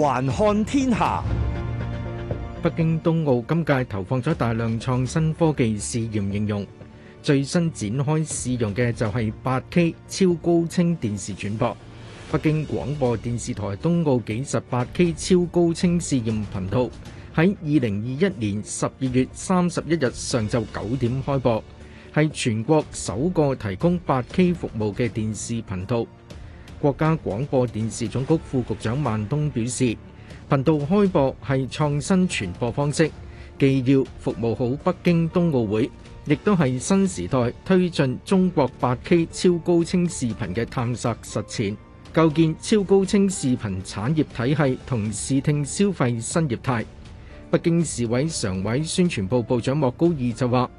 環看天下，北京冬奧今屆投放咗大量創新科技試驗應用，最新展開試用嘅就係八 K 超高清電視轉播。北京廣播電視台冬奧紀實八 K 超高清試驗頻道喺二零二一年十二月三十一日上晝九點開播，係全國首個提供八 K 服務嘅電視頻道。國家廣播電視總局副局長萬東表示，頻道開播係創新傳播方式，既要服務好北京冬奧會，亦都係新時代推進中國 8K 超高清視頻嘅探索實踐，構建超高清視頻產業體系同視聽消費新業態。北京市委常委、宣傳部部長莫高義就話：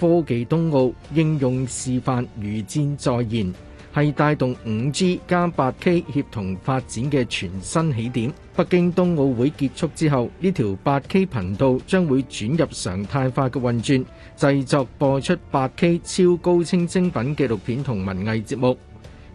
科技冬奧應用示範如箭在弦。係帶動 5G 加 8K 協同發展嘅全新起點。北京冬奧會結束之後，呢條 8K 頻道將會轉入常態化嘅運轉，製作播出 8K 超高清精品紀錄片同文藝節目。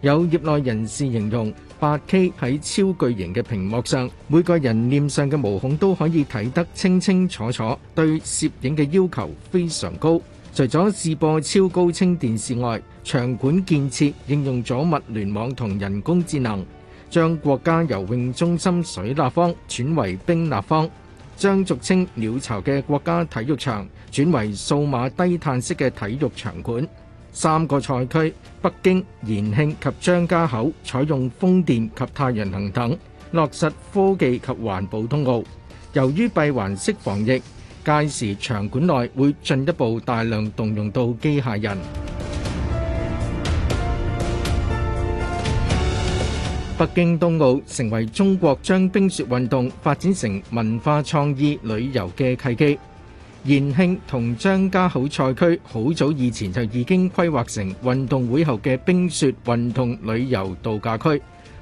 有業內人士形容，8K 喺超巨型嘅屏幕上，每個人臉上嘅毛孔都可以睇得清清楚楚，對攝影嘅要求非常高。除咗試播超高清電視外，場館建設應用咗物聯網同人工智能，將國家游泳中心水立方轉為冰立方，將俗稱鳥巢嘅國家體育場轉為數碼低碳式嘅體育場館。三個賽區北京、延慶及張家口採用風電及太陽能等，落實科技及環保通告。由於閉環式防疫。屆時，場館內會進一步大量動用到機械人。北京冬奧成為中國將冰雪運動發展成文化創意旅遊嘅契機。延慶同張家口賽區好早以前就已經規劃成運動會後嘅冰雪運動旅遊度假區。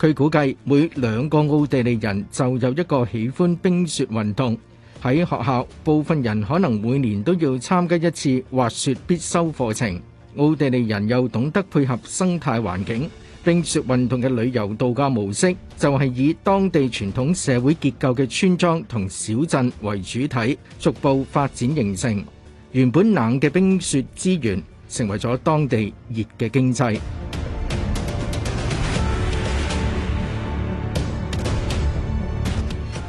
佢估計每兩個奧地利人就有一個喜歡冰雪運動。喺學校，部分人可能每年都要參加一次滑雪必修課程。奧地利人又懂得配合生態環境。冰雪運動嘅旅遊度假模式就係以當地傳統社會結構嘅村莊同小鎮為主體，逐步發展形成。原本冷嘅冰雪資源成為咗當地熱嘅經濟。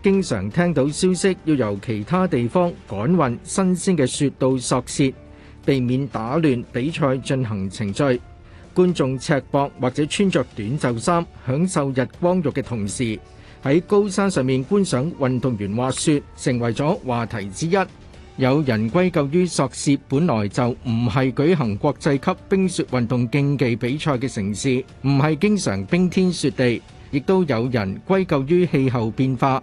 經常聽到消息要由其他地方趕運新鮮嘅雪到索契，避免打亂比賽進行程序。觀眾赤膊或者穿着短袖衫享受日光浴嘅同時，喺高山上面觀賞運動員滑雪成為咗話題之一。有人歸咎於索契本來就唔係舉行國際級冰雪運動競技比賽嘅城市，唔係經常冰天雪地，亦都有人歸咎於氣候變化。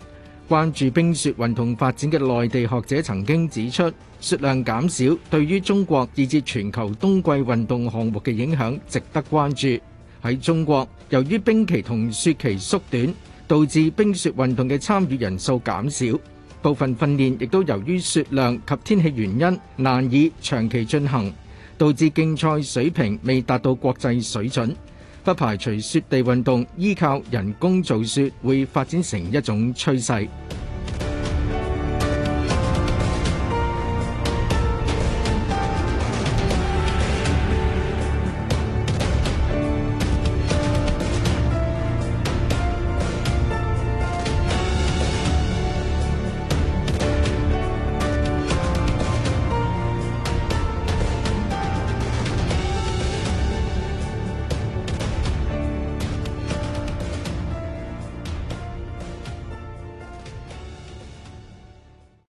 關注冰雪運動發展嘅內地學者曾經指出，雪量減少對於中國以至全球冬季運動項目嘅影響值得關注。喺中國，由於冰期同雪期縮短，導致冰雪運動嘅參與人數減少，部分訓練亦都由於雪量及天氣原因難以長期進行，導致競賽水平未達到國際水準。不排除雪地運動依靠人工造雪會發展成一種趨勢。